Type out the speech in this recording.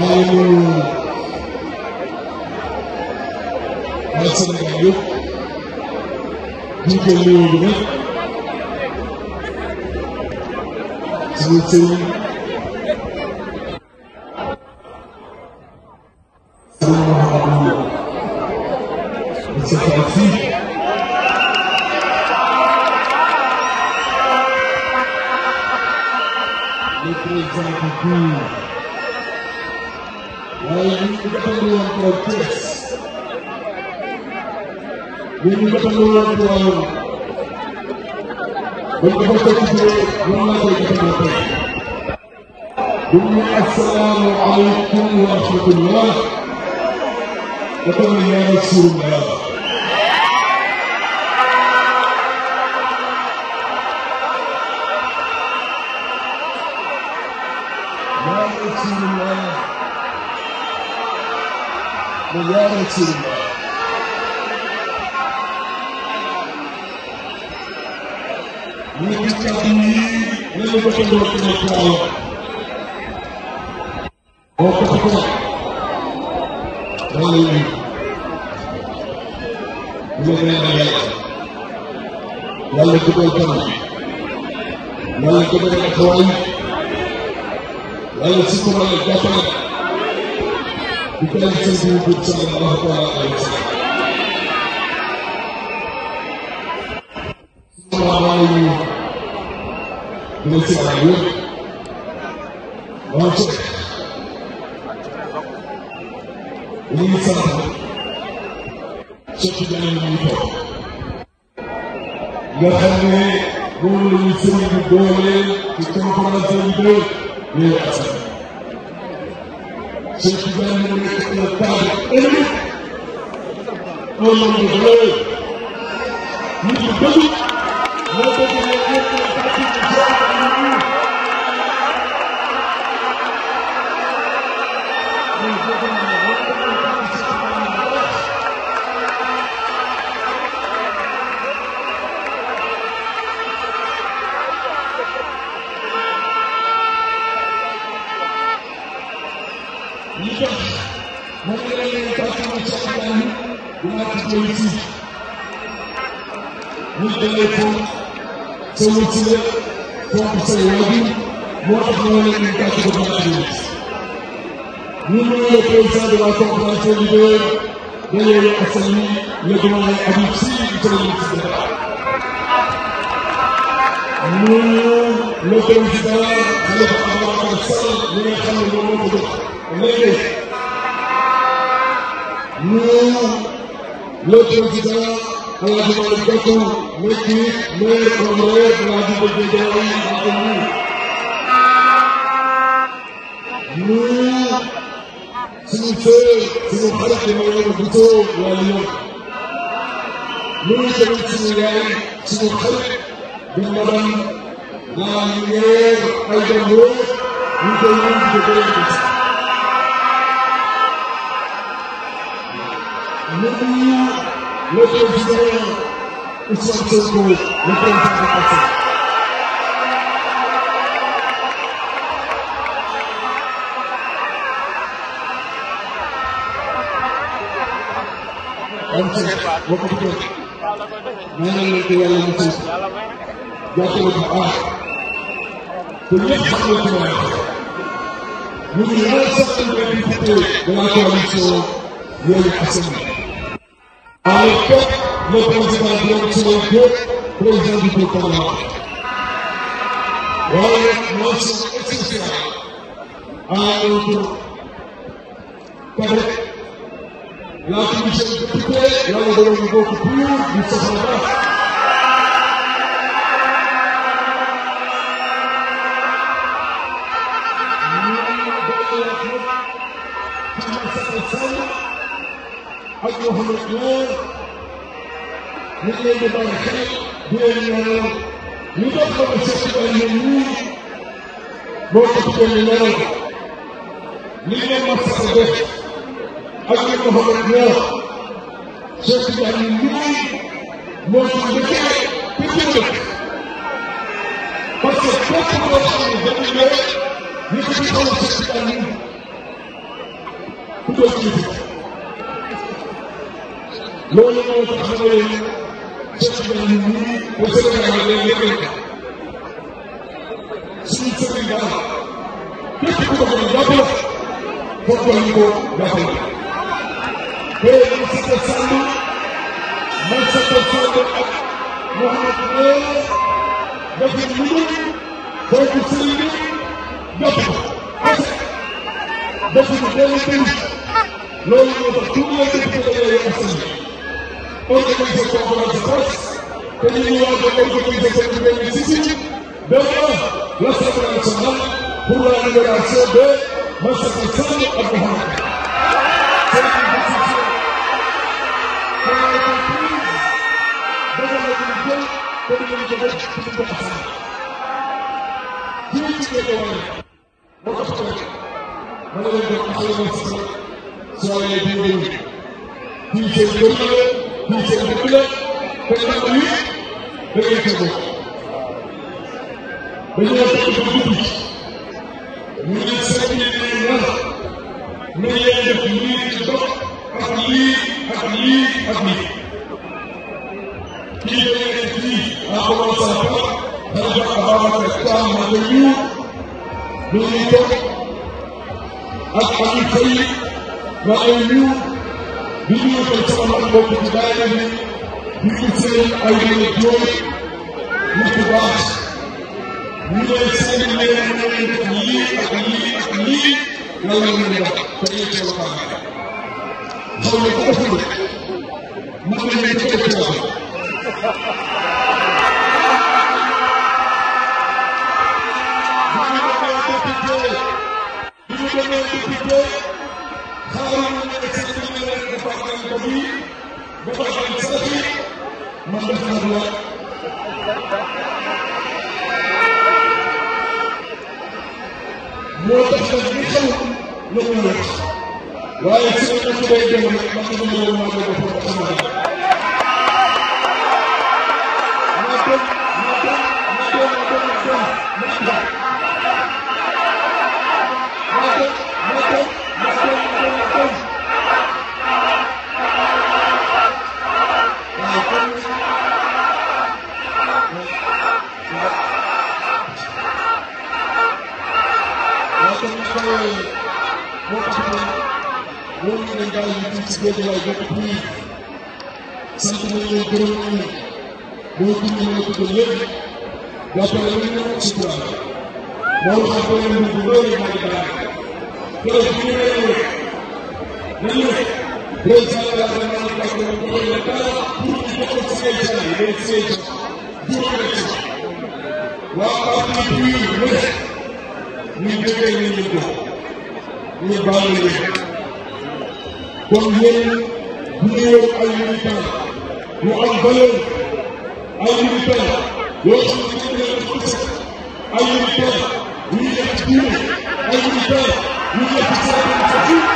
maa ngi nuyu waa Sénégal yëpp jiital nuyoo bi nag suñu sëriñ sëriñ Mouhamadou Moustapha Sy le président du mooy li ñu jëfandiku woon pour Thiès li ñu jëfandiku woon pour bañ ko fa cotisé ñoom laa koy jëfandiku. di nuyu asalaamu aleykum wa rahmatullah dafa mel ni yàlla suur na yàlla. yàlla suur na yàlla. mu leeral cër yi ñu ngi gis kàddu yi ñu ngi ko tënk ci nekk naa yoon boo ko ko dama lay nuyu bu ma gën a yàlla yàlla dugal kanam yàlla dugal taxawaay yàlla si ko mën a jàppale بكل خير ان شاء الله تعالى السلام عليكم ورحمه الله وبركاته لي صاحب شكرا لكم nga xam ne moom la ñu sëriñ bi dooleel ci conférence bi dool mais Je suis un homme de élu, un homme de valeur. Nous sommes tous, nous sommes tous les dinaa ci jëli fii muy jëlee ko sa wërsëg fonk sa waajur moo tax ñu wane ñu gàtt ko baax a ñun ñu le président de la conférence leader Yewwi Askan Wi le doyen Habib Sy ñun le président Khalifa Ababacar Sall mi nga xam ne moom moo ko def léegi ñun le président El Hadj Malick Gakou nekk maire comme maire de la ville de Guédiawaye ak ñun. ñun suñu fee suñu xarit yi ma yor Bouto waa Lyon. ñun tamit suñu yaay suñu xarit di madame la maire Aïda Mbodj ñu koy indi l'ennemi, le président Ousmane Sonko, le président de Pastef. am ci bokk ci toog maa ngi leen di yàlla mu tudd jàppale bu baax te ñëpp xam nga ci moom ñu ngi yàlla sax ci biir de la coalition yooyu assemblée à l'époque, le président Blanc Diop, président du groupe parlementaire. Voilà une mention exceptionnelle à notre collègue, la commission députée, l'un de nos beaucoup plus du 69. ak waxu nag lool ñu ngi leen di bàyyi xel di leen ñaanal ñu doon xam ne festival yi nii moo ko tuddee ñu ñaanal li leen ma sax def ak li nga xam ne ñoo festival yi nii moo ci njëkkee te jënd parce que képp koo xam ne dañu ñëw ñu ngi ci xam festival yi ku doon loolu moo tax xamal Cheikh Ibrahim nii ba Sénégal lay nekk suñu sëriñ daal képp ku ko mën a jàppale bokk nañu ko jàppale. tey man Sata Sall man Sata Sall ak Mouhamed Ndiaye def nañ lu dul bokk sëriñ bi jàpp ko ak bokk na benn benn loolu moo tax tout le monde dafa yore ak sëriñ organisation conférence de presse te ñu ngi waaj a organiser cette première visite devant l'Assemblée nationale pour la libération de Massata Sall ak Mouhamed. C'est une décision qui a été prise devant le ministère te ñu ngi ko def pour ñu ko assurer. Jiw ci gerte wala moo tax a nekk mën na leen def assurance soirée bii bii bii seen yëngu pour seen dëkk la président bi da ngay fexe dañoo fekk ba guddi ñu ne sëriñ bi ne lan nu ngeen def lii ci dox ak lii ak lii ak lii kii da ngay def lii en commençant par dana jox Ababacar Thiam ma ko ñu ñu ngi ak Aliou Faye ma ay ñu di nuyu ko sama mbokku ci daara bi di nuyu seen ay yéene jóoy nit ku baax ñu ne seen yéen ñu ne lii ak lii ak lii lan la ñu wax te ñu teel a xam xam ne ko xamul mën nañ leen teel a wax bu ñu demee député bu ñu demee député xaaral xamante ni bu ko xamante ni man de xar la. moo tax nag li xew la ko yëg waaye su ma demee dem rek ma xam ne moom maa ngi doon loolu la ñu daal di gis góor ñaay góor ñi muy sant moo tax ba ñu dugg loolu moo di ne day jàppale ak dañu naan parce que dañu koy ne dara pour ñu bokk ci seen jàll loolu ci seen jàll juróom la ci waa parti bi ñu ne kon yéen bu ñëwee ay militants yu am valeur ay militants yoo xam ne ay militants yu nekk diine ay militants yu nekk